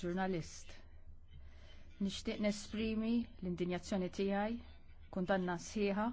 ġurnalist. Nixtieq nesprimi l-indinjazzjoni tiegħi kundanna sħiħa